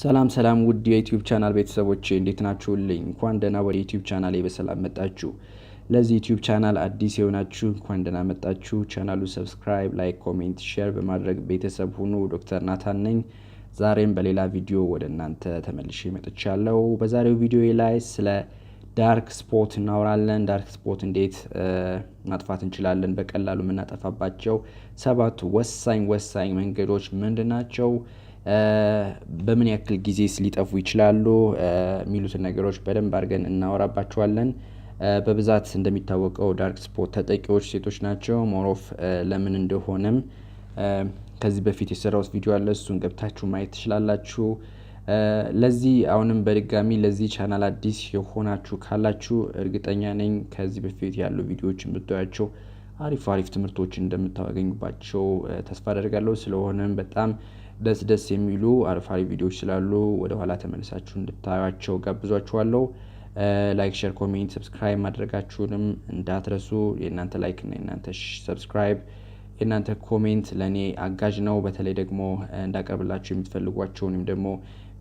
ሰላም ሰላም ውድ የዩትዩብ ቻናል ቤተሰቦች እንዴት ናችሁልኝ? እንኳን ደህና ወደ ዩትዩብ ቻናል በሰላም መጣችሁ። ለዚህ ዩትዩብ ቻናል አዲስ የሆናችሁ እንኳን ደህና መጣችሁ። ቻናሉ ሰብስክራይብ፣ ላይክ፣ ኮሜንት፣ ሼር በማድረግ ቤተሰብ ሁኑ። ዶክተር ናታን ነኝ። ዛሬም በሌላ ቪዲዮ ወደ እናንተ ተመልሼ መጥቻለሁ። በዛሬው ቪዲዮ ላይ ስለ ዳርክ ስፖት እናወራለን። ዳርክ ስፖት እንዴት ማጥፋት እንችላለን? በቀላሉ የምናጠፋባቸው ሰባት ወሳኝ ወሳኝ መንገዶች ምንድን ናቸው? በምን ያክል ጊዜስ ሊጠፉ ይችላሉ የሚሉትን ነገሮች በደንብ አድርገን እናወራባቸዋለን። በብዛት እንደሚታወቀው ዳርክ ስፖት ተጠቂዎች ሴቶች ናቸው። ሞሮፍ ለምን እንደሆነም ከዚህ በፊት የሰራውት ቪዲዮ አለ። እሱን ገብታችሁ ማየት ትችላላችሁ። ለዚህ አሁንም በድጋሚ ለዚህ ቻናል አዲስ የሆናችሁ ካላችሁ እርግጠኛ ነኝ ከዚህ በፊት ያሉ ቪዲዮዎችን ብታያቸው አሪፍ አሪፍ ትምህርቶችን እንደምታገኙባቸው ተስፋ አደርጋለሁ። ስለሆነም በጣም ደስ ደስ የሚሉ አርፋሪ ቪዲዮዎች ስላሉ ወደኋላ ተመልሳችሁ እንድታያቸው ጋብዟችኋለሁ። ላይክ፣ ሸር ኮሜንት፣ ሰብስክራይብ ማድረጋችሁንም እንዳትረሱ። የእናንተ ላይክ ና የእናንተ ሰብስክራይብ የእናንተ ኮሜንት ለእኔ አጋዥ ነው። በተለይ ደግሞ እንዳቀርብላቸው የምትፈልጓቸውን ወይም ደግሞ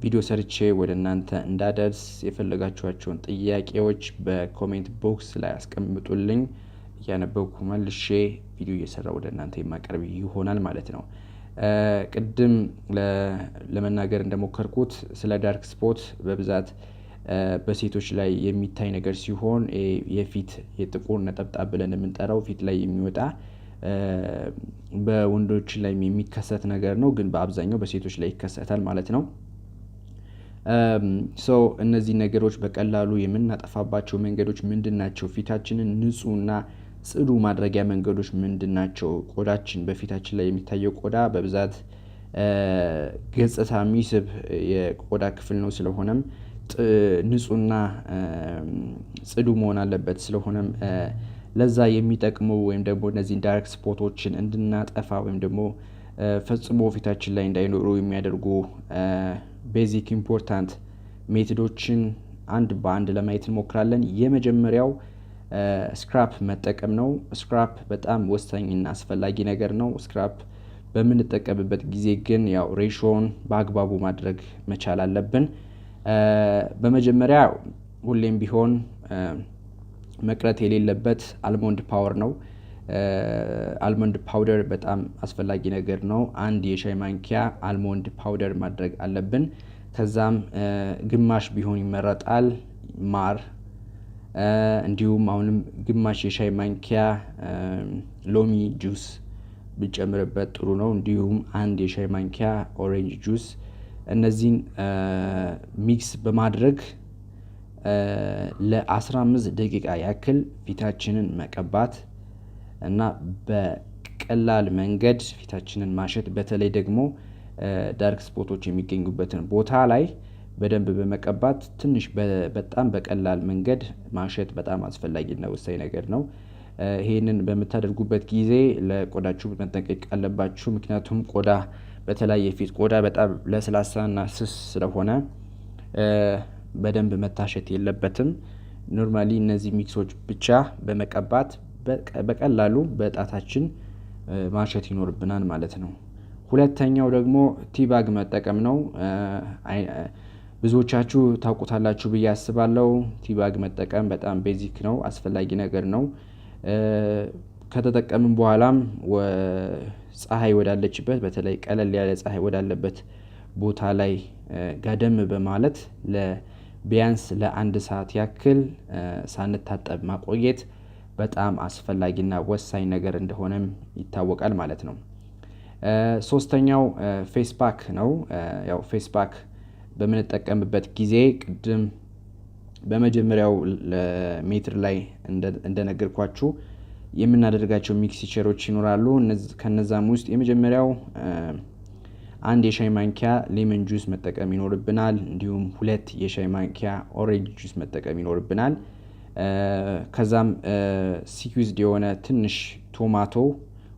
ቪዲዮ ሰርቼ ወደ እናንተ እንዳደርስ የፈለጋችኋቸውን ጥያቄዎች በኮሜንት ቦክስ ላይ አስቀምጡልኝ። እያነበብኩ መልሼ ቪዲዮ እየሰራ ወደ እናንተ የማቀርብ ይሆናል ማለት ነው። ቅድም ለመናገር እንደሞከርኩት ስለ ዳርክ ስፖት በብዛት በሴቶች ላይ የሚታይ ነገር ሲሆን የፊት የጥቁር ነጠብጣብ ብለን የምንጠራው ፊት ላይ የሚወጣ በወንዶች ላይ የሚከሰት ነገር ነው፣ ግን በአብዛኛው በሴቶች ላይ ይከሰታል ማለት ነው። ሰው እነዚህ ነገሮች በቀላሉ የምናጠፋባቸው መንገዶች ምንድን ናቸው? ፊታችንን ንጹህና ጽዱ ማድረጊያ መንገዶች ምንድን ናቸው? ቆዳችን በፊታችን ላይ የሚታየው ቆዳ በብዛት ገጽታ የሚስብ የቆዳ ክፍል ነው። ስለሆነም ንጹህና ጽዱ መሆን አለበት። ስለሆነም ለዛ የሚጠቅሙ ወይም ደግሞ እነዚህን ዳርክ ስፖቶችን እንድናጠፋ ወይም ደግሞ ፈጽሞ ፊታችን ላይ እንዳይኖሩ የሚያደርጉ ቤዚክ ኢምፖርታንት ሜቶዶችን አንድ በአንድ ለማየት እንሞክራለን። የመጀመሪያው ስክራፕ መጠቀም ነው። ስክራፕ በጣም ወሳኝ እና አስፈላጊ ነገር ነው። ስክራፕ በምንጠቀምበት ጊዜ ግን ያው ሬሽን በአግባቡ ማድረግ መቻል አለብን። በመጀመሪያ ሁሌም ቢሆን መቅረት የሌለበት አልሞንድ ፓወር ነው። አልሞንድ ፓውደር በጣም አስፈላጊ ነገር ነው። አንድ የሻይ ማንኪያ አልሞንድ ፓውደር ማድረግ አለብን። ከዛም ግማሽ ቢሆን ይመረጣል ማር እንዲሁም አሁንም ግማሽ የሻይ ማንኪያ ሎሚ ጁስ ብጨምርበት ጥሩ ነው። እንዲሁም አንድ የሻይ ማንኪያ ኦሬንጅ ጁስ እነዚህን ሚክስ በማድረግ ለ15 ደቂቃ ያክል ፊታችንን መቀባት እና በቀላል መንገድ ፊታችንን ማሸት በተለይ ደግሞ ዳርክ ስፖቶች የሚገኙበትን ቦታ ላይ በደንብ በመቀባት ትንሽ በጣም በቀላል መንገድ ማሸት በጣም አስፈላጊና ወሳኝ ነገር ነው። ይሄንን በምታደርጉበት ጊዜ ለቆዳችሁ መጠንቀቅ አለባችሁ። ምክንያቱም ቆዳ በተለያየ ፊት ቆዳ በጣም ለስላሳና ስስ ስለሆነ በደንብ መታሸት የለበትም። ኖርማሊ እነዚህ ሚክሶች ብቻ በመቀባት በቀላሉ በጣታችን ማሸት ይኖርብናል ማለት ነው። ሁለተኛው ደግሞ ቲባግ መጠቀም ነው። ብዙዎቻችሁ ታውቁታላችሁ ብዬ አስባለሁ። ቲባግ መጠቀም በጣም ቤዚክ ነው፣ አስፈላጊ ነገር ነው። ከተጠቀምን በኋላም ፀሐይ ወዳለችበት በተለይ ቀለል ያለ ፀሐይ ወዳለበት ቦታ ላይ ጋደም በማለት ቢያንስ ለአንድ ሰዓት ያክል ሳንታጠብ ማቆየት በጣም አስፈላጊና ወሳኝ ነገር እንደሆነም ይታወቃል ማለት ነው። ሶስተኛው ፌስ ነው። ያው ፌስ በምንጠቀምበት ጊዜ ቅድም በመጀመሪያው ሜትር ላይ እንደነገርኳችሁ የምናደርጋቸው ሚክስቸሮች ይኖራሉ። ከነዛም ውስጥ የመጀመሪያው አንድ የሻይ ማንኪያ ሌመን ጁስ መጠቀም ይኖርብናል። እንዲሁም ሁለት የሻይ ማንኪያ ኦሬንጅ ጁስ መጠቀም ይኖርብናል። ከዛም ሲኪዝድ የሆነ ትንሽ ቶማቶ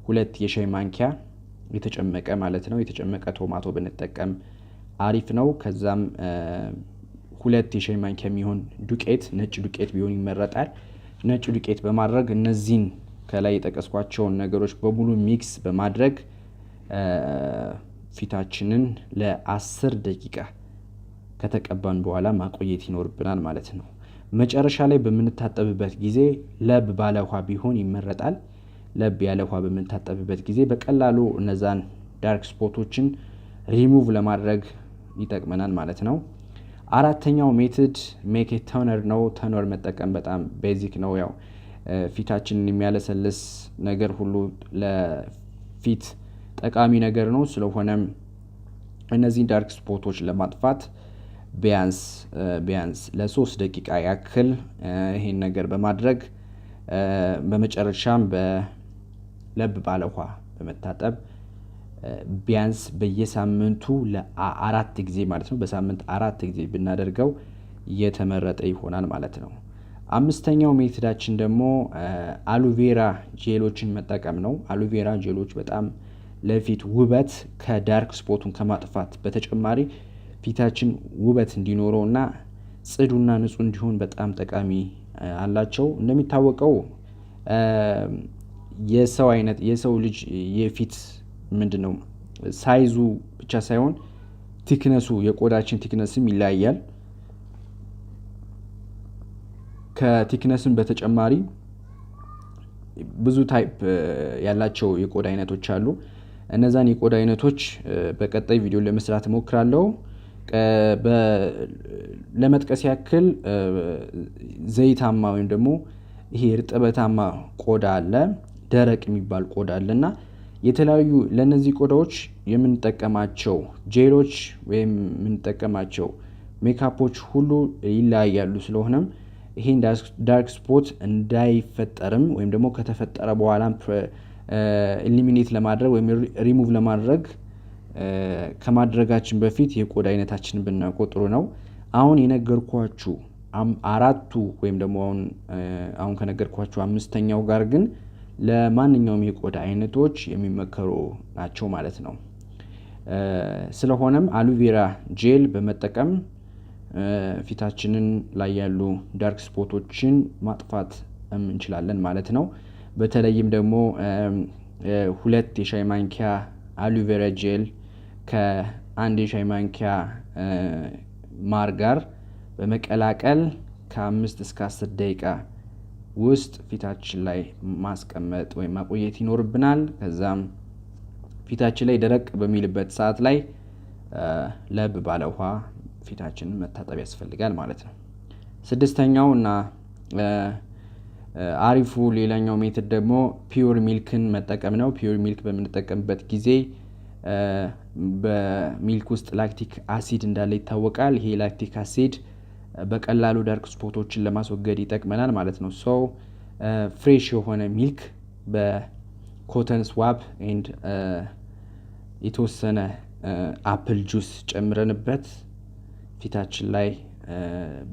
ሁለት የሻይ ማንኪያ የተጨመቀ ማለት ነው የተጨመቀ ቶማቶ ብንጠቀም አሪፍ ነው። ከዛም ሁለት የሻይ ማንኪያ የሚሆን ዱቄት ነጭ ዱቄት ቢሆን ይመረጣል። ነጭ ዱቄት በማድረግ እነዚህን ከላይ የጠቀስኳቸውን ነገሮች በሙሉ ሚክስ በማድረግ ፊታችንን ለአስር ደቂቃ ከተቀባን በኋላ ማቆየት ይኖርብናል ማለት ነው። መጨረሻ ላይ በምንታጠብበት ጊዜ ለብ ባለ ውሃ ቢሆን ይመረጣል። ለብ ያለ ውሃ በምንታጠብበት ጊዜ በቀላሉ እነዛን ዳርክ ስፖቶችን ሪሙቭ ለማድረግ ይጠቅመናል ማለት ነው። አራተኛው ሜትድ ሜክ ተነር ነው። ተነር መጠቀም በጣም ቤዚክ ነው። ያው ፊታችንን የሚያለሰልስ ነገር ሁሉ ለፊት ጠቃሚ ነገር ነው። ስለሆነም እነዚህን ዳርክ ስፖቶች ለማጥፋት ቢያንስ ቢያንስ ለሶስት ደቂቃ ያክል ይሄን ነገር በማድረግ በመጨረሻም በለብ ባለ በመታጠብ ቢያንስ በየሳምንቱ ለአራት ጊዜ ማለት ነው በሳምንት አራት ጊዜ ብናደርገው የተመረጠ ይሆናል ማለት ነው። አምስተኛው ሜትዳችን ደግሞ አሉቬራ ጄሎችን መጠቀም ነው። አሉቬራ ጄሎች በጣም ለፊት ውበት ከዳርክ ስፖቱን ከማጥፋት በተጨማሪ ፊታችን ውበት እንዲኖረው እና ጽዱና ንጹህ እንዲሆን በጣም ጠቃሚ አላቸው። እንደሚታወቀው የሰው አይነት የሰው ልጅ የፊት ምንድን ነው ሳይዙ ብቻ ሳይሆን ቲክነሱ የቆዳችን ቲክነስም ይለያያል። ከቲክነስም በተጨማሪ ብዙ ታይፕ ያላቸው የቆዳ አይነቶች አሉ። እነዛን የቆዳ አይነቶች በቀጣይ ቪዲዮ ለመስራት እሞክራለሁ። ለመጥቀስ ያክል ዘይታማ ወይም ደግሞ ይሄ እርጥበታማ ቆዳ አለ፣ ደረቅ የሚባል ቆዳ አለ እና የተለያዩ ለእነዚህ ቆዳዎች የምንጠቀማቸው ጄሎች ወይም የምንጠቀማቸው ሜካፖች ሁሉ ይለያያሉ። ስለሆነም ይሄን ዳርክ ስፖት እንዳይፈጠርም ወይም ደግሞ ከተፈጠረ በኋላ ኢሊሚኔት ለማድረግ ወይም ሪሙቭ ለማድረግ ከማድረጋችን በፊት የቆዳ አይነታችንን ብናውቀው ጥሩ ነው። አሁን የነገርኳችሁ አራቱ ወይም ደግሞ አሁን አሁን ከነገርኳችሁ አምስተኛው ጋር ግን ለማንኛውም የቆዳ አይነቶች የሚመከሩ ናቸው ማለት ነው። ስለሆነም አሉቬራ ጄል በመጠቀም ፊታችንን ላይ ያሉ ዳርክ ስፖቶችን ማጥፋት እንችላለን ማለት ነው። በተለይም ደግሞ ሁለት የሻይ ማንኪያ አሉቬራ ጄል ከአንድ የሻይ ማንኪያ ማር ጋር በመቀላቀል ከአምስት እስከ አስር ደቂቃ ውስጥ ፊታችን ላይ ማስቀመጥ ወይም ማቆየት ይኖርብናል። ከዛም ፊታችን ላይ ደረቅ በሚልበት ሰዓት ላይ ለብ ባለ ውሃ ፊታችንን መታጠብ ያስፈልጋል ማለት ነው። ስድስተኛው እና አሪፉ ሌላኛው ሜትድ ደግሞ ፒዩር ሚልክን መጠቀም ነው። ፒውር ሚልክ በምንጠቀምበት ጊዜ በሚልክ ውስጥ ላክቲክ አሲድ እንዳለ ይታወቃል። ይሄ ላክቲክ አሲድ በቀላሉ ዳርክ ስፖቶችን ለማስወገድ ይጠቅመናል ማለት ነው። ሶ ፍሬሽ የሆነ ሚልክ በኮተን ስዋፕ ንድ የተወሰነ አፕል ጁስ ጨምረንበት ፊታችን ላይ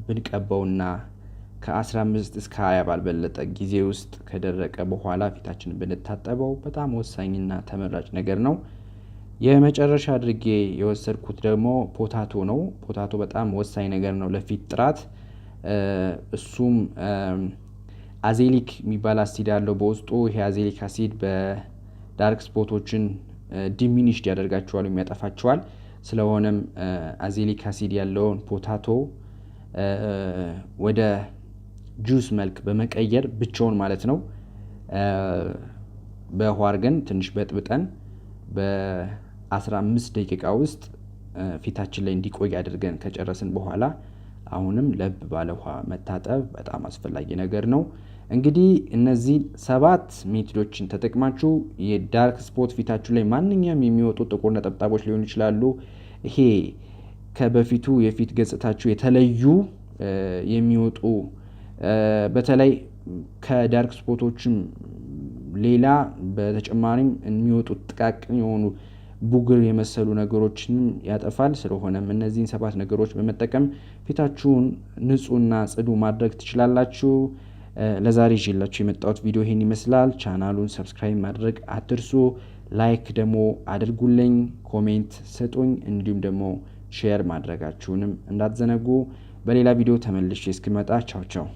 ብንቀበውና ከ15 እስከ 20 ባልበለጠ ጊዜ ውስጥ ከደረቀ በኋላ ፊታችንን ብንታጠበው በጣም ወሳኝና ተመራጭ ነገር ነው። የመጨረሻ አድርጌ የወሰድኩት ደግሞ ፖታቶ ነው። ፖታቶ በጣም ወሳኝ ነገር ነው ለፊት ጥራት። እሱም አዜሊክ የሚባል አሲድ አለው በውስጡ። ይሄ አዜሊክ አሲድ በዳርክ ስፖቶችን ዲሚኒሽድ ያደርጋቸዋል ወይም ያጠፋቸዋል። ስለሆነም አዜሊክ አሲድ ያለውን ፖታቶ ወደ ጁስ መልክ በመቀየር ብቻውን ማለት ነው በኋር ግን ትንሽ በጥብጠን በ 15 ደቂቃ ውስጥ ፊታችን ላይ እንዲቆይ አድርገን ከጨረስን በኋላ አሁንም ለብ ባለ ውሃ መታጠብ በጣም አስፈላጊ ነገር ነው። እንግዲህ እነዚህ ሰባት ሜትዶችን ተጠቅማችሁ የዳርክ ስፖት ፊታችሁ ላይ ማንኛውም የሚወጡ ጥቁር ነጠብጣቦች ሊሆኑ ይችላሉ። ይሄ ከበፊቱ የፊት ገጽታችሁ የተለዩ የሚወጡ በተለይ ከዳርክ ስፖቶችም ሌላ በተጨማሪም የሚወጡ ጥቃቅን የሆኑ ቡግር የመሰሉ ነገሮችን ያጠፋል። ስለሆነም እነዚህን ሰባት ነገሮች በመጠቀም ፊታችሁን ንጹህና ጽዱ ማድረግ ትችላላችሁ። ለዛሬ ይዤላችሁ የመጣሁት ቪዲዮ ይህን ይመስላል። ቻናሉን ሰብስክራይብ ማድረግ አትርሱ። ላይክ ደግሞ አድርጉልኝ፣ ኮሜንት ስጡኝ፣ እንዲሁም ደግሞ ሼር ማድረጋችሁንም እንዳትዘነጉ። በሌላ ቪዲዮ ተመልሼ እስክመጣ ቻው ቻው።